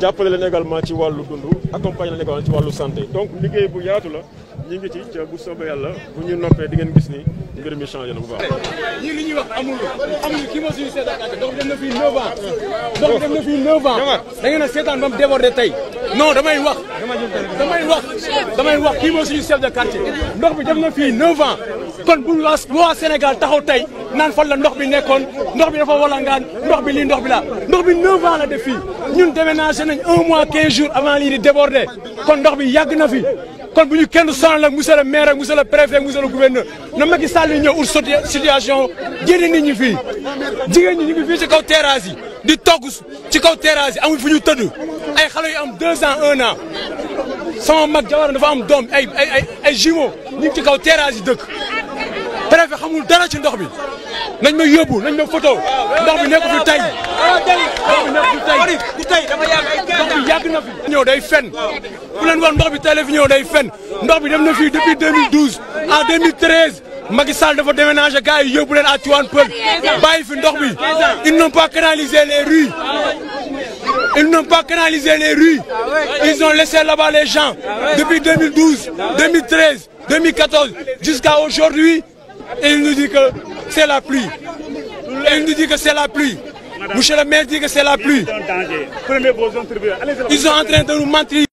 jàppale leen également ci wàllu dund accompagner leen également ci wàllu santé donc liggéey bu yaatu la ñu ngi ci ca bu soobee yàlla bu ñu noppee di ngeen gis ni mbir mi changé na bu baax. li ñuy a seetaan ba mu débordé tey damay wax damay wax damay wax kii moo suñu chef de quartier ndox bi dem na fii 9 ans kon bu waa Sénégal taxaw tey. naan fan la ndox bi nekkoon ndox bi dafa walangaan ndox bi lii ndox bi laa ndox bi 9 ans la def fii ñun déménagé nañ un mois 15 jours avant lii di déborder kon ndox bi yàgg na fi. kon bu ñu kenn sonal ak monsieur le maire ak monsieur le préfet monsieur le gouverneur na Macky Sall yi ñëw ut situation génne nit ñi fii jigéen ñi ñu ngi fii ci kaw terrasse yi di togg ci kaw terrasse yi amul fu ñu tëdd ay xale yu am deux ans un an sama mag jabar dafa am doom ay ay ay jumeaux ñu ngi ci kaw terrasse yi dëkk préfet xamul dara ci ndox bi nañ ma yóbbu nañ ma photo ndox bi nekku fi tey ndox bi nekku fi tey ndox bi yàgg na fi ñëw day fen ku leen wax ndox bi tey la fi ñëw day fen ndox bi dem na fii depuis 2012 en 2013 Macky Sall dafa déménager gars yi yóbbu leen à Tivaouane Peulh bàyyi fi ndox bi ils n'ont pas canalisé les rues Ils n'ont pas canalisé les rues. Ils ont laissé là-bas les gens depuis 2012, 2013, 2014 jusqu'à aujourd'hui. Et il nous dit que c'est la pluie. Et il nous dit que c'est la pluie. Madame, Monsieur le maire dit que c'est la pluie. Ils sont en train de nous mentir.